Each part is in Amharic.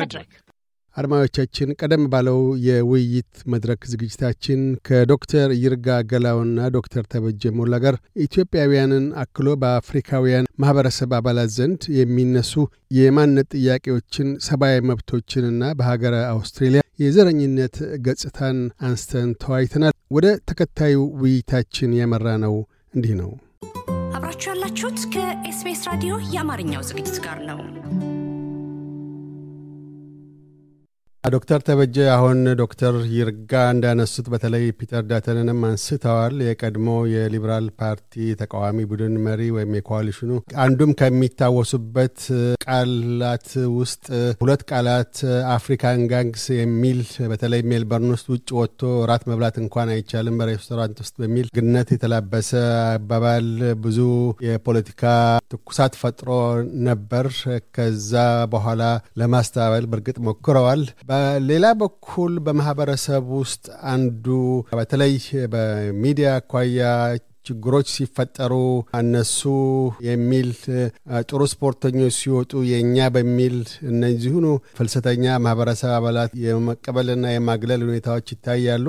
መድረክ አድማዮቻችን ቀደም ባለው የውይይት መድረክ ዝግጅታችን ከዶክተር ይርጋ ገላውና ዶክተር ተበጀ ሞላ ጋር ኢትዮጵያውያንን አክሎ በአፍሪካውያን ማህበረሰብ አባላት ዘንድ የሚነሱ የማንነት ጥያቄዎችን፣ ሰብአዊ መብቶችንና በሀገረ አውስትሬልያ የዘረኝነት ገጽታን አንስተን ተዋይተናል። ወደ ተከታዩ ውይይታችን ያመራ ነው። እንዲህ ነው። አብራችሁ ያላችሁት ከኤስቢኤስ ራዲዮ የአማርኛው ዝግጅት ጋር ነው። ዶክተር ተበጀ አሁን ዶክተር ይርጋ እንዳነሱት በተለይ ፒተር ዳተንንም አንስተዋል። የቀድሞ የሊበራል ፓርቲ ተቃዋሚ ቡድን መሪ ወይም የኮዋሊሽኑ አንዱም ከሚታወሱበት ቃላት ውስጥ ሁለት ቃላት አፍሪካን ጋንግስ የሚል በተለይ ሜልበርን ውስጥ ውጭ ወጥቶ ራት መብላት እንኳን አይቻልም በሬስቶራንት ውስጥ በሚል ግነት የተላበሰ አባባል ብዙ የፖለቲካ ትኩሳት ፈጥሮ ነበር። ከዛ በኋላ ለማስተባበል በእርግጥ ሞክረዋል። ሌላ በኩል በማህበረሰብ ውስጥ አንዱ በተለይ በሚዲያ አኳያ ችግሮች ሲፈጠሩ እነሱ የሚል ጥሩ ስፖርተኞች ሲወጡ የእኛ በሚል እነዚሁኑ ፍልሰተኛ ማህበረሰብ አባላት የመቀበልና የማግለል ሁኔታዎች ይታያሉ።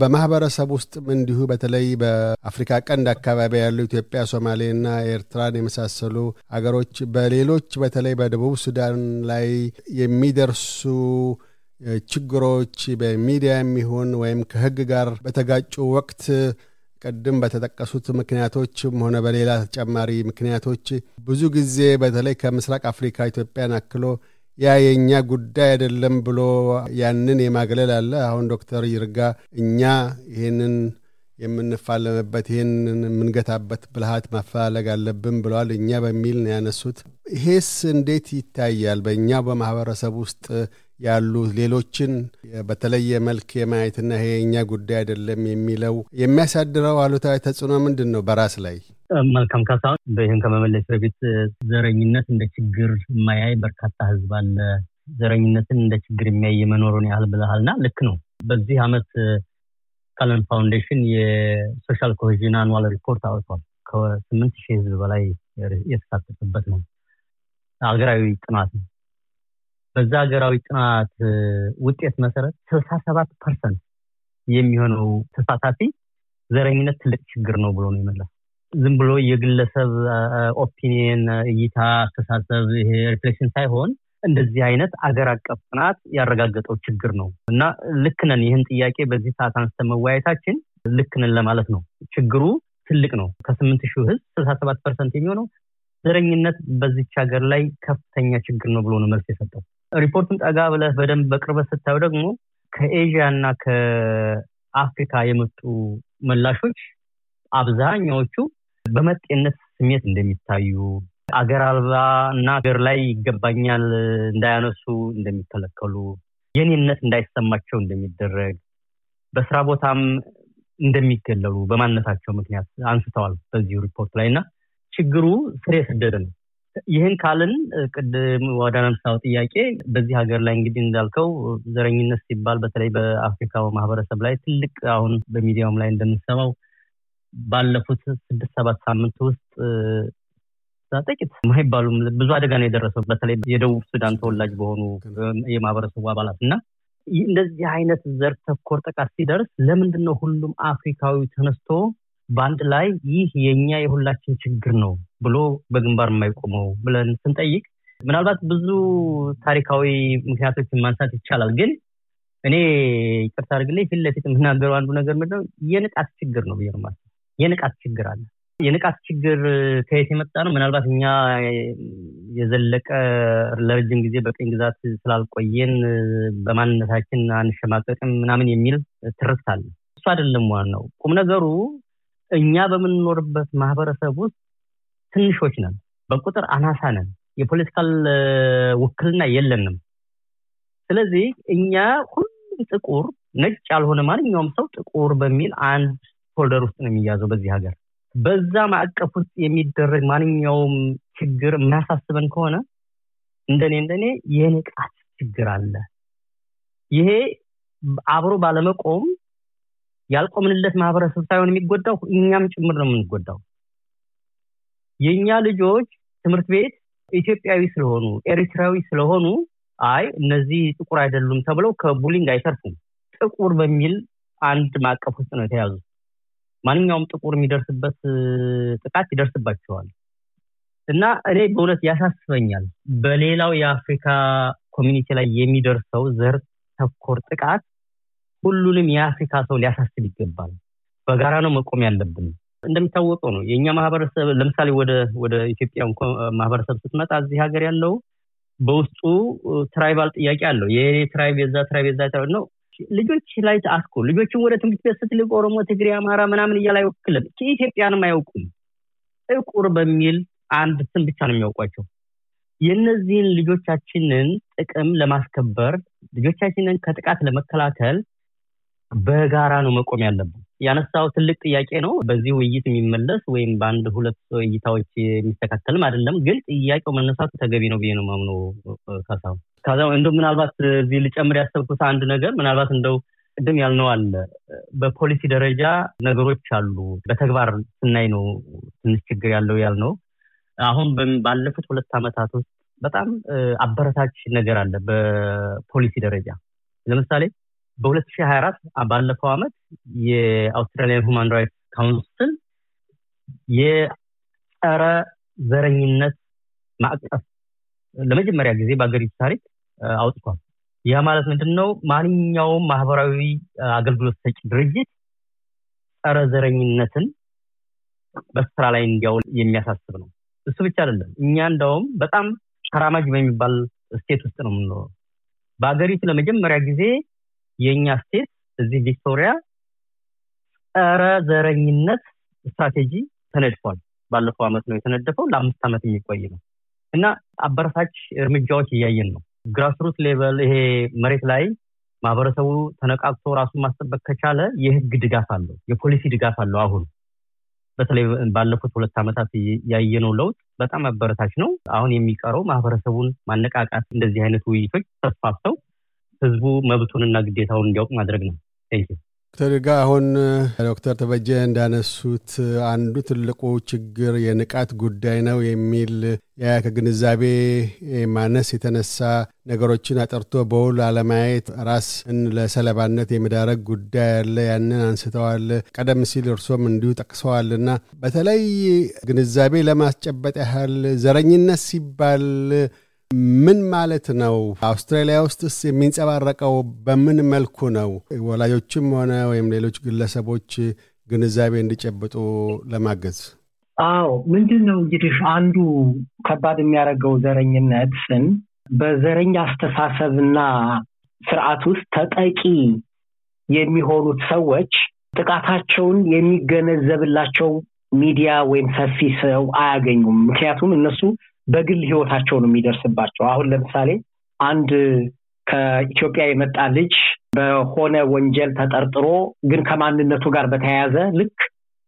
በማህበረሰብ ውስጥም እንዲሁ በተለይ በአፍሪካ ቀንድ አካባቢ ያሉ ኢትዮጵያ፣ ሶማሌና ኤርትራን የመሳሰሉ አገሮች በሌሎች በተለይ በደቡብ ሱዳን ላይ የሚደርሱ ችግሮች በሚዲያ የሚሆን ወይም ከህግ ጋር በተጋጩ ወቅት ቅድም በተጠቀሱት ምክንያቶችም ሆነ በሌላ ተጨማሪ ምክንያቶች ብዙ ጊዜ በተለይ ከምስራቅ አፍሪካ ኢትዮጵያን አክሎ ያ የእኛ ጉዳይ አይደለም ብሎ ያንን የማግለል አለ። አሁን ዶክተር ይርጋ እኛ ይህንን የምንፋለምበት ይህንን የምንገታበት ብልሃት ማፈላለግ አለብን ብለዋል። እኛ በሚል ነው ያነሱት። ይሄስ እንዴት ይታያል? በእኛ በማህበረሰብ ውስጥ ያሉ ሌሎችን በተለየ መልክ የማየትና ይሄ ጉዳይ አይደለም የሚለው የሚያሳድረው አሉታዊ ተጽዕኖ ምንድን ነው በራስ ላይ? መልካም ካሳ በይህን ከመመለስ በፊት ዘረኝነት እንደ ችግር የማያይ በርካታ ህዝብ አለ። ዘረኝነትን እንደ ችግር የሚያይ የመኖሩን ያህል ብለሃልና ልክ ነው። በዚህ አመት ካለን ፋውንዴሽን የሶሻል ኮሄዥን አኑዋል ሪፖርት አውጥቷል። ከስምንት ሺህ ህዝብ በላይ የተሳተፈበት ነው። አገራዊ ጥናት ነው። በዛ ሀገራዊ ጥናት ውጤት መሰረት ስልሳ ሰባት ፐርሰንት የሚሆነው ተሳታፊ ዘረኝነት ትልቅ ችግር ነው ብሎ ነው የመለሰው። ዝም ብሎ የግለሰብ ኦፒኒየን፣ እይታ፣ አስተሳሰብ ይሄ ሪፍሌክሽን ሳይሆን እንደዚህ አይነት አገር አቀፍ ጥናት ያረጋገጠው ችግር ነው እና ልክ ነን። ይህን ጥያቄ በዚህ ሰዓት አንስተ መወያየታችን ልክ ነን ለማለት ነው። ችግሩ ትልቅ ነው። ከስምንት ሺህ ህዝብ ስልሳ ሰባት ፐርሰንት የሚሆነው ዘረኝነት በዚች ሀገር ላይ ከፍተኛ ችግር ነው ብሎ ነው መልስ የሰጠው። ሪፖርቱን ጠጋ ብለህ በደንብ በቅርበት ስታዩ ደግሞ ከኤዥያ እና ከአፍሪካ የመጡ ምላሾች አብዛኛዎቹ በመጤነት ስሜት እንደሚታዩ አገር አልባ እና አገር ላይ ይገባኛል እንዳያነሱ እንደሚከለከሉ፣ የኔነት እንዳይሰማቸው እንደሚደረግ፣ በስራ ቦታም እንደሚገለሉ በማነታቸው ምክንያት አንስተዋል በዚሁ ሪፖርት ላይ እና ችግሩ ስር የሰደደ ነው። ይህን ካልን ቅድም ወደ ጥያቄ በዚህ ሀገር ላይ እንግዲህ እንዳልከው ዘረኝነት ሲባል በተለይ በአፍሪካ ማህበረሰብ ላይ ትልቅ አሁን በሚዲያውም ላይ እንደምንሰማው ባለፉት ስድስት ሰባት ሳምንት ውስጥ ጥቂት ማይባሉም ብዙ አደጋ ነው የደረሰው በተለይ የደቡብ ሱዳን ተወላጅ በሆኑ የማህበረሰቡ አባላት እና እንደዚህ አይነት ዘር ተኮር ጥቃት ሲደርስ ለምንድን ነው ሁሉም አፍሪካዊ ተነስቶ በአንድ ላይ ይህ የእኛ የሁላችን ችግር ነው ብሎ በግንባር የማይቆመው ብለን ስንጠይቅ ምናልባት ብዙ ታሪካዊ ምክንያቶችን ማንሳት ይቻላል። ግን እኔ ቅርታ አድርግልኝ፣ ፊት ለፊት የምናገረው አንዱ ነገር ምንድነው የንቃት ችግር ነው ብዬ ነው። የንቃት ችግር አለ። የንቃት ችግር ከየት የመጣ ነው? ምናልባት እኛ የዘለቀ ለረጅም ጊዜ በቀኝ ግዛት ስላልቆየን በማንነታችን አንሸማቀቅም ምናምን የሚል ትርት አለ። እሱ አይደለም ዋናው ቁም ነገሩ እኛ በምንኖርበት ማህበረሰብ ውስጥ ትንሾች ነን፣ በቁጥር አናሳ ነን፣ የፖለቲካል ውክልና የለንም። ስለዚህ እኛ ሁሉም ጥቁር ነጭ ያልሆነ ማንኛውም ሰው ጥቁር በሚል አንድ ፎልደር ውስጥ ነው የሚያዘው በዚህ ሀገር። በዛ ማዕቀፍ ውስጥ የሚደረግ ማንኛውም ችግር የሚያሳስበን ከሆነ እንደኔ እንደኔ የንቃት ችግር አለ። ይሄ አብሮ ባለመቆም ያልቆምንለት ማህበረሰብ ሳይሆን የሚጎዳው እኛም ጭምር ነው የምንጎዳው። የእኛ ልጆች ትምህርት ቤት ኢትዮጵያዊ ስለሆኑ ኤርትራዊ ስለሆኑ አይ እነዚህ ጥቁር አይደሉም ተብለው ከቡሊንግ አይተርፉም። ጥቁር በሚል አንድ ማቀፍ ውስጥ ነው የተያዙ ማንኛውም ጥቁር የሚደርስበት ጥቃት ይደርስባቸዋል። እና እኔ በእውነት ያሳስበኛል በሌላው የአፍሪካ ኮሚኒቲ ላይ የሚደርሰው ዘር ተኮር ጥቃት ሁሉንም የአፍሪካ ሰው ሊያሳስብ ይገባል። በጋራ ነው መቆም ያለብን። እንደሚታወቀው ነው የእኛ ማህበረሰብ ለምሳሌ ወደ ወደ ኢትዮጵያ ማህበረሰብ ስትመጣ እዚህ ሀገር ያለው በውስጡ ትራይባል ጥያቄ አለው። የኔ ትራይብ የዛ ትራይብ የዛ ትራይብ ነው። ልጆች ላይ አስኩ ልጆችን ወደ ትምህርት ቤት ስትልቅ ኦሮሞ፣ ትግሬ፣ አማራ ምናምን እያለ አይወክልም። ኢትዮጵያንም አያውቁም። ጥቁር በሚል አንድ ስም ብቻ ነው የሚያውቋቸው። የእነዚህን ልጆቻችንን ጥቅም ለማስከበር ልጆቻችንን ከጥቃት ለመከላከል በጋራ ነው መቆም ያለብን። ያነሳው ትልቅ ጥያቄ ነው። በዚህ ውይይት የሚመለስ ወይም በአንድ ሁለት እይታዎች የሚስተካከልም አይደለም፣ ግን ጥያቄው መነሳቱ ተገቢ ነው ብዬ ነው ማምነው። ካሳሁን ከዛ እንደው ምናልባት እዚህ ልጨምር ያሰብኩት አንድ ነገር ምናልባት እንደው ቅድም ያልነው አለ በፖሊሲ ደረጃ ነገሮች አሉ። በተግባር ስናይ ነው ትንሽ ችግር ያለው ያልነው። አሁን ባለፉት ሁለት ዓመታት ውስጥ በጣም አበረታች ነገር አለ በፖሊሲ ደረጃ ለምሳሌ በ2024 ባለፈው ዓመት የአውስትራሊያን ሁማን ራይትስ ካውንስል የጸረ ዘረኝነት ማዕቀፍ ለመጀመሪያ ጊዜ በአገሪቱ ታሪክ አውጥቷል። ያ ማለት ምንድን ነው? ማንኛውም ማህበራዊ አገልግሎት ሰጪ ድርጅት ጸረ ዘረኝነትን በስራ ላይ እንዲያውል የሚያሳስብ ነው። እሱ ብቻ አይደለም። እኛ እንደውም በጣም ተራማጅ በሚባል ስቴት ውስጥ ነው የምንኖረው። በሀገሪቱ ለመጀመሪያ ጊዜ የእኛ ስቴት እዚህ ቪክቶሪያ ጸረ ዘረኝነት ስትራቴጂ ተነድፏል። ባለፈው አመት ነው የተነደፈው። ለአምስት አመት የሚቆይ ነው እና አበረታች እርምጃዎች እያየን ነው። ግራስሩት ሌቨል ይሄ መሬት ላይ ማህበረሰቡ ተነቃቅቶ ራሱን ማስጠበቅ ከቻለ የህግ ድጋፍ አለው፣ የፖሊሲ ድጋፍ አለው። አሁን በተለይ ባለፉት ሁለት ዓመታት ያየነው ለውጥ በጣም አበረታች ነው። አሁን የሚቀረው ማህበረሰቡን ማነቃቃት፣ እንደዚህ አይነት ውይይቶች ተስፋፍተው ህዝቡ መብቱንና ግዴታውን እንዲያውቅ ማድረግ ነው። ዶክተር ድጋ አሁን ዶክተር ተበጀ እንዳነሱት አንዱ ትልቁ ችግር የንቃት ጉዳይ ነው የሚል ከግንዛቤ ማነስ የተነሳ ነገሮችን አጠርቶ በውል አለማየት ራስን ለሰለባነት የመዳረግ ጉዳይ ያለ ያንን አንስተዋል። ቀደም ሲል እርሶም እንዲሁ ጠቅሰዋልና በተለይ ግንዛቤ ለማስጨበጥ ያህል ዘረኝነት ሲባል ምን ማለት ነው? አውስትራሊያ ውስጥስ የሚንጸባረቀው በምን መልኩ ነው? ወላጆችም ሆነ ወይም ሌሎች ግለሰቦች ግንዛቤ እንዲጨብጡ ለማገዝ። አዎ፣ ምንድን ነው እንግዲህ አንዱ ከባድ የሚያደርገው ዘረኝነትን በዘረኛ አስተሳሰብና ስርዓት ውስጥ ተጠቂ የሚሆኑት ሰዎች ጥቃታቸውን የሚገነዘብላቸው ሚዲያ ወይም ሰፊ ሰው አያገኙም። ምክንያቱም እነሱ በግል ህይወታቸው ነው የሚደርስባቸው። አሁን ለምሳሌ አንድ ከኢትዮጵያ የመጣ ልጅ በሆነ ወንጀል ተጠርጥሮ ግን ከማንነቱ ጋር በተያያዘ ልክ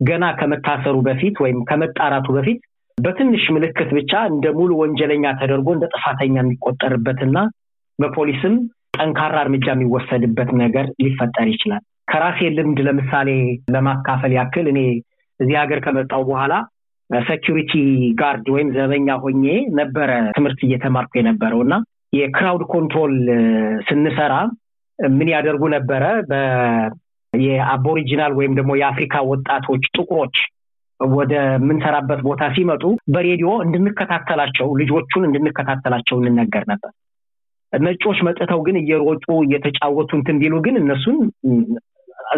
ገና ከመታሰሩ በፊት ወይም ከመጣራቱ በፊት በትንሽ ምልክት ብቻ እንደ ሙሉ ወንጀለኛ ተደርጎ እንደ ጥፋተኛ የሚቆጠርበትና በፖሊስም ጠንካራ እርምጃ የሚወሰድበት ነገር ሊፈጠር ይችላል። ከራሴ ልምድ ለምሳሌ ለማካፈል ያክል እኔ እዚህ ሀገር ከመጣው በኋላ ሰኪሪቲ ጋርድ ወይም ዘበኛ ሆኜ ነበረ ትምህርት እየተማርኩ የነበረው እና የክራውድ ኮንትሮል ስንሰራ ምን ያደርጉ ነበረ የአቦሪጂናል ወይም ደግሞ የአፍሪካ ወጣቶች ጥቁሮች ወደ ምንሰራበት ቦታ ሲመጡ በሬዲዮ እንድንከታተላቸው ልጆቹን እንድንከታተላቸው እንነገር ነበር። ነጮች መጥተው ግን እየሮጡ እየተጫወቱ እንትን ቢሉ ግን እነሱን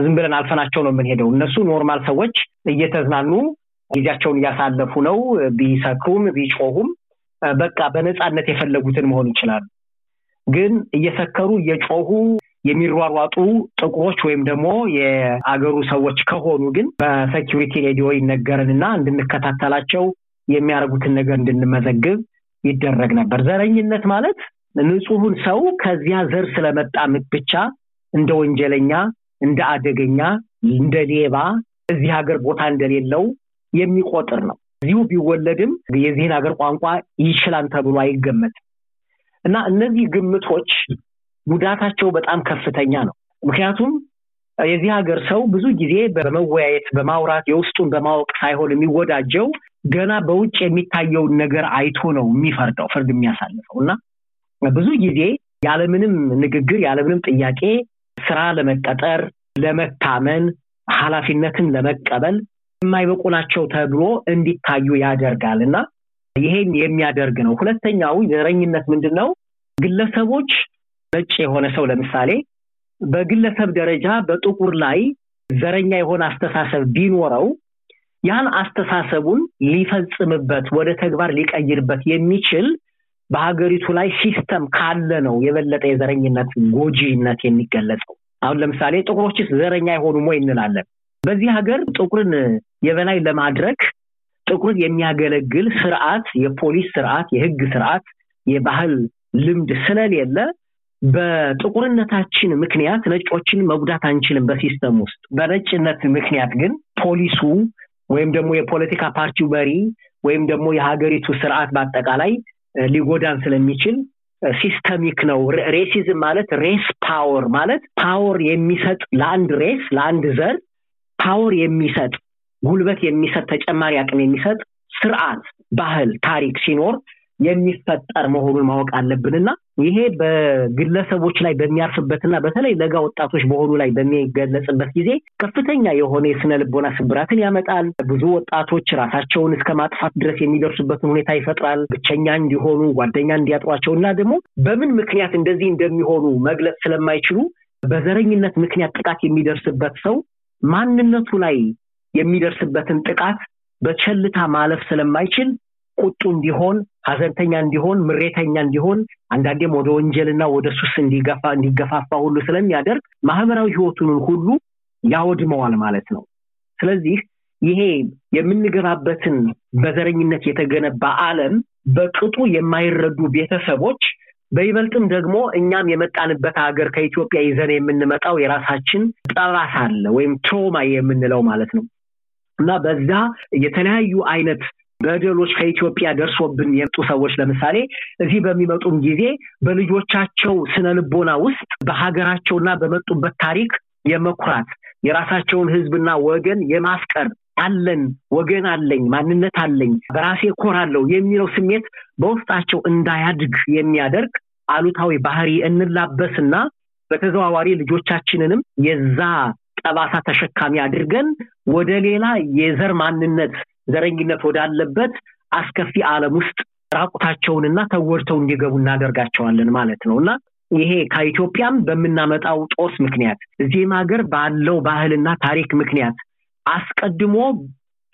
ዝም ብለን አልፈናቸው ነው የምንሄደው። እነሱ ኖርማል ሰዎች እየተዝናኑ ጊዜያቸውን እያሳለፉ ነው። ቢሰክሩም ቢጮሁም በቃ በነፃነት የፈለጉትን መሆን ይችላሉ። ግን እየሰከሩ እየጮሁ የሚሯሯጡ ጥቁሮች ወይም ደግሞ የአገሩ ሰዎች ከሆኑ ግን በሴኪሪቲ ሬዲዮ ይነገረንና እንድንከታተላቸው የሚያደርጉትን ነገር እንድንመዘግብ ይደረግ ነበር። ዘረኝነት ማለት ንጹሁን ሰው ከዚያ ዘር ስለመጣ ብቻ እንደ ወንጀለኛ፣ እንደ አደገኛ፣ እንደ ሌባ እዚህ ሀገር ቦታ እንደሌለው የሚቆጥር ነው። እዚሁ ቢወለድም የዚህን ሀገር ቋንቋ ይችላል ተብሎ አይገመትም እና እነዚህ ግምቶች ጉዳታቸው በጣም ከፍተኛ ነው። ምክንያቱም የዚህ ሀገር ሰው ብዙ ጊዜ በመወያየት በማውራት የውስጡን በማወቅ ሳይሆን የሚወዳጀው ገና በውጭ የሚታየውን ነገር አይቶ ነው የሚፈርደው ፍርድ የሚያሳልፈው እና ብዙ ጊዜ ያለምንም ንግግር ያለምንም ጥያቄ ስራ ለመቀጠር፣ ለመታመን፣ ኃላፊነትን ለመቀበል የማይበቁ ናቸው ተብሎ እንዲታዩ ያደርጋል እና ይሄን የሚያደርግ ነው። ሁለተኛው ዘረኝነት ምንድን ነው? ግለሰቦች ነጭ የሆነ ሰው ለምሳሌ በግለሰብ ደረጃ በጥቁር ላይ ዘረኛ የሆነ አስተሳሰብ ቢኖረው ያን አስተሳሰቡን ሊፈጽምበት ወደ ተግባር ሊቀይርበት የሚችል በሀገሪቱ ላይ ሲስተም ካለ ነው የበለጠ የዘረኝነት ጎጂነት የሚገለጸው። አሁን ለምሳሌ ጥቁሮችስ ዘረኛ የሆኑ ሞ እንላለን። በዚህ ሀገር ጥቁርን የበላይ ለማድረግ ጥቁርን የሚያገለግል ስርዓት፣ የፖሊስ ስርዓት፣ የህግ ስርዓት፣ የባህል ልምድ ስለሌለ በጥቁርነታችን ምክንያት ነጮችን መጉዳት አንችልም በሲስተም ውስጥ። በነጭነት ምክንያት ግን ፖሊሱ ወይም ደግሞ የፖለቲካ ፓርቲው መሪ ወይም ደግሞ የሀገሪቱ ስርዓት በአጠቃላይ ሊጎዳን ስለሚችል ሲስተሚክ ነው። ሬሲዝም ማለት ሬስ ፓወር ማለት ፓወር የሚሰጥ ለአንድ ሬስ ለአንድ ዘር ፓወር የሚሰጥ ጉልበት የሚሰጥ ተጨማሪ አቅም የሚሰጥ ስርዓት፣ ባህል፣ ታሪክ ሲኖር የሚፈጠር መሆኑን ማወቅ አለብንና ይሄ በግለሰቦች ላይ በሚያርፍበትና በተለይ ለጋ ወጣቶች በሆኑ ላይ በሚገለጽበት ጊዜ ከፍተኛ የሆነ የስነ ልቦና ስብራትን ያመጣል። ብዙ ወጣቶች ራሳቸውን እስከ ማጥፋት ድረስ የሚደርሱበትን ሁኔታ ይፈጥራል። ብቸኛ እንዲሆኑ፣ ጓደኛ እንዲያጥሯቸው እና ደግሞ በምን ምክንያት እንደዚህ እንደሚሆኑ መግለጽ ስለማይችሉ በዘረኝነት ምክንያት ጥቃት የሚደርስበት ሰው ማንነቱ ላይ የሚደርስበትን ጥቃት በቸልታ ማለፍ ስለማይችል ቁጡ እንዲሆን፣ ሀዘንተኛ እንዲሆን፣ ምሬተኛ እንዲሆን አንዳንዴም ወደ ወንጀልና ወደ ሱስ እንዲገፋ እንዲገፋፋ ሁሉ ስለሚያደርግ ማህበራዊ ህይወቱንን ሁሉ ያወድመዋል ማለት ነው። ስለዚህ ይሄ የምንገባበትን በዘረኝነት የተገነባ አለም በቅጡ የማይረዱ ቤተሰቦች በይበልጥም ደግሞ እኛም የመጣንበት ሀገር ከኢትዮጵያ ይዘን የምንመጣው የራሳችን ጠባሳ አለ ወይም ትሮማ የምንለው ማለት ነው እና በዛ የተለያዩ አይነት በደሎች ከኢትዮጵያ ደርሶብን የመጡ ሰዎች ለምሳሌ እዚህ በሚመጡም ጊዜ በልጆቻቸው ስነ ልቦና ውስጥ በሀገራቸውና በመጡበት ታሪክ የመኩራት የራሳቸውን ህዝብና ወገን የማፍቀር አለን ወገን አለኝ ማንነት አለኝ በራሴ ኮራለው የሚለው ስሜት በውስጣቸው እንዳያድግ የሚያደርግ አሉታዊ ባህሪ እንላበስና በተዘዋዋሪ ልጆቻችንንም የዛ ጠባሳ ተሸካሚ አድርገን ወደ ሌላ የዘር ማንነት ዘረኝነት ወዳለበት አስከፊ ዓለም ውስጥ ራቁታቸውንና ተወድተው እንዲገቡ እናደርጋቸዋለን ማለት ነው እና ይሄ ከኢትዮጵያም በምናመጣው ጦስ ምክንያት እዚህም ሀገር ባለው ባህልና ታሪክ ምክንያት አስቀድሞ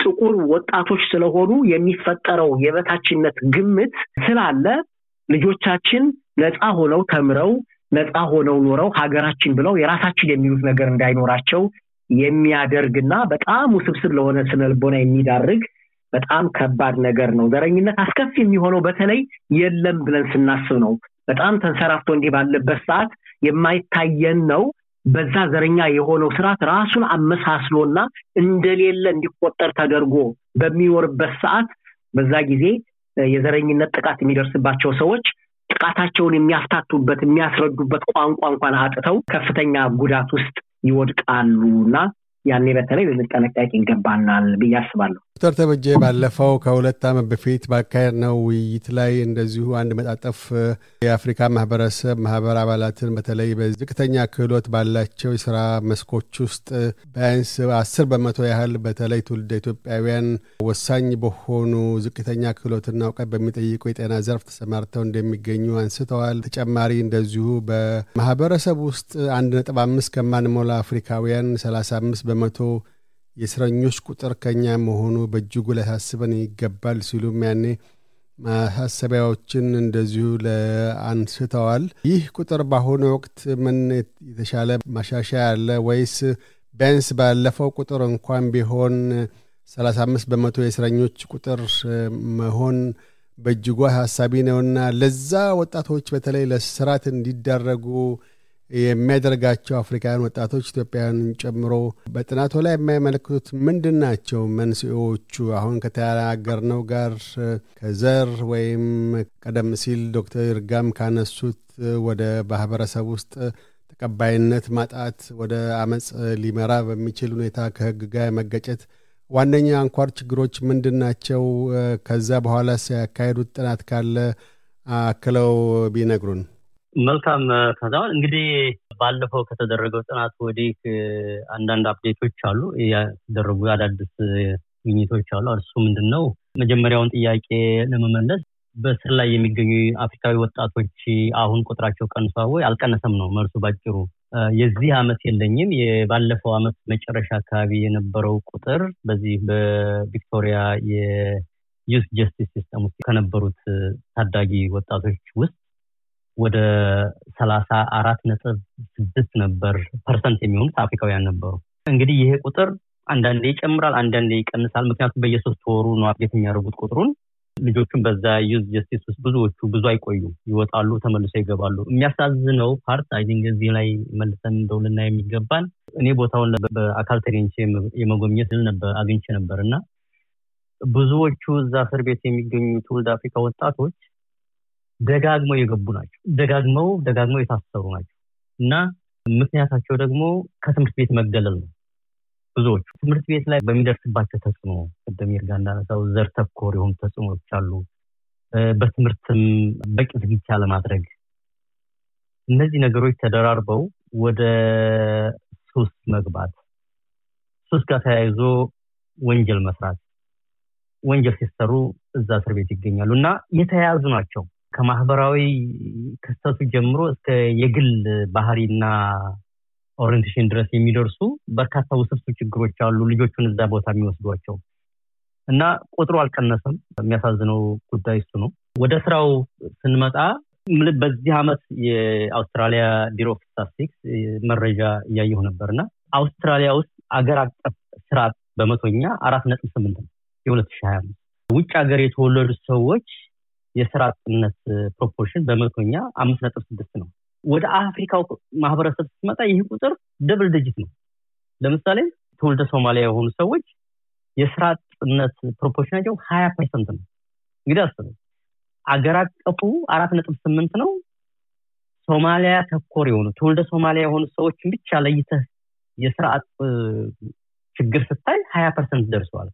ጥቁር ወጣቶች ስለሆኑ የሚፈጠረው የበታችነት ግምት ስላለ ልጆቻችን ነፃ ሆነው ተምረው ነፃ ሆነው ኖረው ሀገራችን ብለው የራሳችን የሚሉት ነገር እንዳይኖራቸው የሚያደርግና በጣም ውስብስብ ለሆነ ስነልቦና የሚዳርግ በጣም ከባድ ነገር ነው። ዘረኝነት አስከፊ የሚሆነው በተለይ የለም ብለን ስናስብ ነው። በጣም ተንሰራፍቶ እንዲህ ባለበት ሰዓት የማይታየን ነው። በዛ ዘረኛ የሆነው ስርዓት ራሱን አመሳስሎና እንደሌለ እንዲቆጠር ተደርጎ በሚኖርበት ሰዓት በዛ ጊዜ የዘረኝነት ጥቃት የሚደርስባቸው ሰዎች ጥቃታቸውን የሚያፍታቱበት የሚያስረዱበት ቋንቋ እንኳን አጥተው ከፍተኛ ጉዳት ውስጥ ይወድቃሉ እና ያኔ በተለይ ልንጠነቀቅ ይገባናል ብዬ አስባለሁ። ዶክተር ተበጀ ባለፈው ከሁለት ዓመት በፊት ነው ውይይት ላይ እንደዚሁ አንድ መጣጠፍ የአፍሪካ ማህበረሰብ ማህበር አባላትን በተለይ በዝቅተኛ ክህሎት ባላቸው የስራ መስኮች ውስጥ ቢያንስ አስር በመቶ ያህል በተለይ ትውልደ ኢትዮጵያውያን ወሳኝ በሆኑ ዝቅተኛ ክህሎትና እውቀት በሚጠይቁ የጤና ዘርፍ ተሰማርተው እንደሚገኙ አንስተዋል። ተጨማሪ እንደዚሁ በማህበረሰብ ውስጥ አንድ ነጥብ አምስት ከማንሞላ አፍሪካውያን ሰላሳ አምስት በመቶ የእስረኞች ቁጥር ከኛ መሆኑ በእጅጉ ሊያሳስበን ይገባል ሲሉም ያኔ ማሳሰቢያዎችን እንደዚሁ ለአንስተዋል። ይህ ቁጥር በአሁኑ ወቅት ምን የተሻለ ማሻሻያ አለ ወይስ ቢያንስ ባለፈው ቁጥር እንኳን ቢሆን 35 በመቶ የእስረኞች ቁጥር መሆን በእጅጉ አሳሳቢ ነውና ለዛ ወጣቶች በተለይ ለስራት እንዲዳረጉ የሚያደርጋቸው አፍሪካውያን ወጣቶች ኢትዮጵያውያንን ጨምሮ በጥናቱ ላይ የማይመለክቱት ምንድን ናቸው? መንስኤዎቹ አሁን ከተናገርነው ጋር ከዘር ወይም ቀደም ሲል ዶክተር ይርጋም ካነሱት ወደ ማህበረሰብ ውስጥ ተቀባይነት ማጣት ወደ አመፅ ሊመራ በሚችል ሁኔታ ከህግ ጋር መገጨት ዋነኛ አንኳር ችግሮች ምንድን ናቸው? ከዛ በኋላ ሲያካሄዱት ጥናት ካለ አክለው ቢነግሩን። መልካም ከዛሁን እንግዲህ ባለፈው ከተደረገው ጥናት ወዲህ አንዳንድ አፕዴቶች አሉ ያደረጉ አዳዲስ ግኝቶች አሉ። እርሱ ምንድን ነው? መጀመሪያውን ጥያቄ ለመመለስ በስር ላይ የሚገኙ አፍሪካዊ ወጣቶች አሁን ቁጥራቸው ቀንሷ ወይ አልቀነሰም ነው መልሱ ባጭሩ። የዚህ አመት የለኝም። የባለፈው አመት መጨረሻ አካባቢ የነበረው ቁጥር በዚህ በቪክቶሪያ የዩስ ጀስቲስ ሲስተም ውስጥ ከነበሩት ታዳጊ ወጣቶች ውስጥ ወደ ሰላሳ አራት ነጥብ ስድስት ነበር ፐርሰንት የሚሆኑት አፍሪካውያን ነበሩ። እንግዲህ ይሄ ቁጥር አንዳንዴ ይጨምራል፣ አንዳንዴ ይቀንሳል። ምክንያቱም በየሶስት ወሩ ነው አፕዴት የሚያደርጉት ቁጥሩን። ልጆቹም በዛ ዩዝ ጀስቲስ ውስጥ ብዙዎቹ ብዙ አይቆዩ ይወጣሉ፣ ተመልሶ ይገባሉ። የሚያሳዝነው ፓርት አይ ቲንክ እዚህ ላይ መልሰን እንደውልና የሚገባን እኔ ቦታውን በአካል ተገኝቼ የመጎብኘት ነበር አግኝቼ ነበር እና ብዙዎቹ እዛ እስር ቤት የሚገኙ ትውልድ አፍሪካ ወጣቶች ደጋግመው የገቡ ናቸው። ደጋግመው ደጋግመው የታሰሩ ናቸው እና ምክንያታቸው ደግሞ ከትምህርት ቤት መገለል ነው። ብዙዎቹ ትምህርት ቤት ላይ በሚደርስባቸው ተጽዕኖ ቅድም ይርጋ እንዳነሳው ዘር ተኮር የሆኑ ተጽዕኖዎች አሉ። በትምህርትም በቂ ዝግጅት ለማድረግ እነዚህ ነገሮች ተደራርበው ወደ ሱስ መግባት፣ ሱስ ጋር ተያይዞ ወንጀል መስራት፣ ወንጀል ሲሰሩ እዛ እስር ቤት ይገኛሉ እና የተያያዙ ናቸው። ከማህበራዊ ክስተቱ ጀምሮ እስከ የግል ባህሪና ኦሪንቴሽን ድረስ የሚደርሱ በርካታ ውስብስብ ችግሮች አሉ። ልጆቹን እዛ ቦታ የሚወስዷቸው እና ቁጥሩ አልቀነሰም። የሚያሳዝነው ጉዳይ እሱ ነው። ወደ ስራው ስንመጣ በዚህ አመት የአውስትራሊያ ቢሮ ስታስቲክስ መረጃ እያየሁ ነበር እና አውስትራሊያ ውስጥ አገር አቀፍ ስራ በመቶኛ አራት ነጥብ ስምንት ነው የሁለት ሺ ሀያ ውጭ ሀገር የተወለዱ ሰዎች የስራ አጥነት ፕሮፖርሽን በመቶኛ አምስት ነጥብ ስድስት ነው። ወደ አፍሪካው ማህበረሰብ ስትመጣ ይህ ቁጥር ደብል ድጅት ነው። ለምሳሌ ትውልደ ሶማሊያ የሆኑ ሰዎች የስራ አጥነት ፕሮፖርሽናቸው ሀያ ፐርሰንት ነው። እንግዲህ አስበ አገር አቀፉ አራት ነጥብ ስምንት ነው። ሶማሊያ ተኮር የሆኑ ትውልደ ሶማሊያ የሆኑ ሰዎችን ብቻ ለይተህ የስርአት ችግር ስታይ ሀያ ፐርሰንት ደርሰዋል።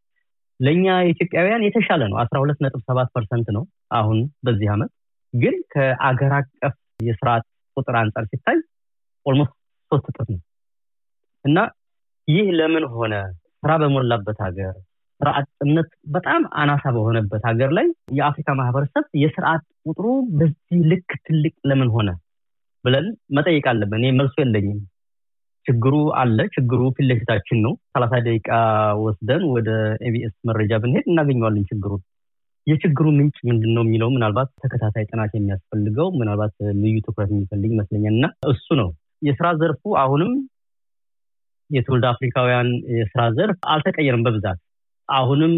ለእኛ ኢትዮጵያውያን የተሻለ ነው። አስራ ሁለት ነጥብ ሰባት ፐርሰንት ነው አሁን በዚህ አመት ግን ከአገር አቀፍ የስርዓት ቁጥር አንጻር ሲታይ ኦልሞስት ሶስት እጥፍ ነው እና ይህ ለምን ሆነ? ስራ በሞላበት ሀገር፣ ስራ በጣም አናሳ በሆነበት ሀገር ላይ የአፍሪካ ማህበረሰብ የስርዓት ቁጥሩ በዚህ ልክ ትልቅ ለምን ሆነ ብለን መጠየቅ አለብን። መልሶ መልሱ የለኝም። ችግሩ አለ። ችግሩ ፊት ለፊታችን ነው። ሰላሳ ደቂቃ ወስደን ወደ ኤቢኤስ መረጃ ብንሄድ እናገኘዋለን ችግሩን። የችግሩ ምንጭ ምንድን ነው የሚለው ምናልባት ተከታታይ ጥናት የሚያስፈልገው ምናልባት ልዩ ትኩረት የሚፈልግ ይመስለኛል እና እሱ ነው የስራ ዘርፉ አሁንም የትውልድ አፍሪካውያን የስራ ዘርፍ አልተቀየርም በብዛት አሁንም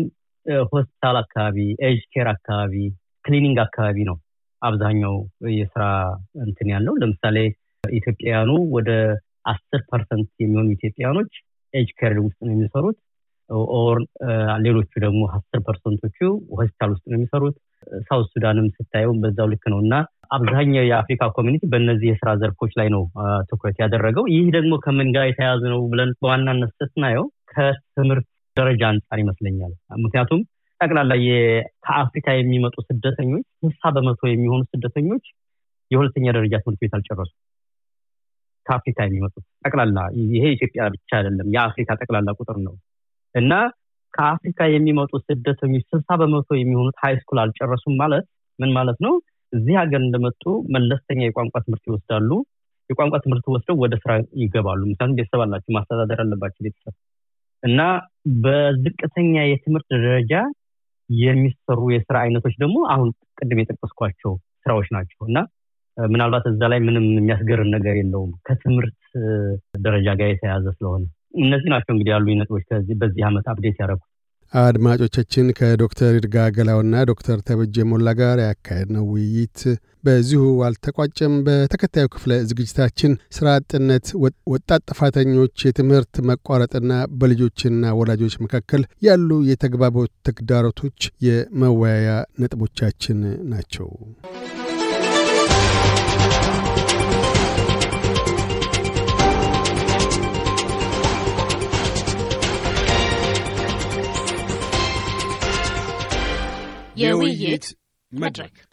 ሆስፒታል አካባቢ፣ ኤጅ ኬር አካባቢ፣ ክሊኒንግ አካባቢ ነው አብዛኛው የስራ እንትን ያለው። ለምሳሌ ኢትዮጵያውያኑ ወደ አስር ፐርሰንት የሚሆኑ ኢትዮጵያኖች ኤጅ ከር ውስጥ ነው የሚሰሩት። ኦር ሌሎቹ ደግሞ አስር ፐርሰንቶቹ ሆስፒታል ውስጥ ነው የሚሰሩት። ሳውት ሱዳንም ስታየው በዛው ልክ ነው እና አብዛኛው የአፍሪካ ኮሚኒቲ በእነዚህ የስራ ዘርፎች ላይ ነው ትኩረት ያደረገው። ይህ ደግሞ ከምን ጋር የተያያዘ ነው ብለን በዋናነት ስትናየው ከትምህርት ደረጃ አንጻር ይመስለኛል። ምክንያቱም ጠቅላላ ከአፍሪካ የሚመጡ ስደተኞች ስሳ በመቶ የሚሆኑ ስደተኞች የሁለተኛ ደረጃ ትምህርት ቤት አልጨረሱ ከአፍሪካ የሚመጡት ጠቅላላ ይሄ ኢትዮጵያ ብቻ አይደለም፣ የአፍሪካ ጠቅላላ ቁጥር ነው እና ከአፍሪካ የሚመጡ ስደተኞች ስልሳ በመቶ የሚሆኑት ሃይስኩል አልጨረሱም ማለት ምን ማለት ነው? እዚህ ሀገር እንደመጡ መለስተኛ የቋንቋ ትምህርት ይወስዳሉ። የቋንቋ ትምህርት ወስደው ወደ ስራ ይገባሉ። ምክንያቱም ቤተሰብ አላቸው፣ ማስተዳደር አለባቸው ቤተሰብ እና በዝቅተኛ የትምህርት ደረጃ የሚሰሩ የስራ አይነቶች ደግሞ አሁን ቅድም የጠቀስኳቸው ስራዎች ናቸው እና ምናልባት እዛ ላይ ምንም የሚያስገርም ነገር የለውም ከትምህርት ደረጃ ጋር የተያዘ ስለሆነ እነዚህ ናቸው እንግዲህ ያሉ ነጥቦች በዚህ ዓመት አፕዴት ያደረጉ አድማጮቻችን ከዶክተር ይርጋ ገላውና ዶክተር ተበጀ ሞላ ጋር ያካሄድነው ውይይት በዚሁ አልተቋጨም። በተከታዩ ክፍለ ዝግጅታችን ስራ አጥነት፣ ወጣት ጥፋተኞች፣ የትምህርት መቋረጥና በልጆችና ወላጆች መካከል ያሉ የተግባቦት ተግዳሮቶች የመወያያ ነጥቦቻችን ናቸው። Jerry Yates Magic.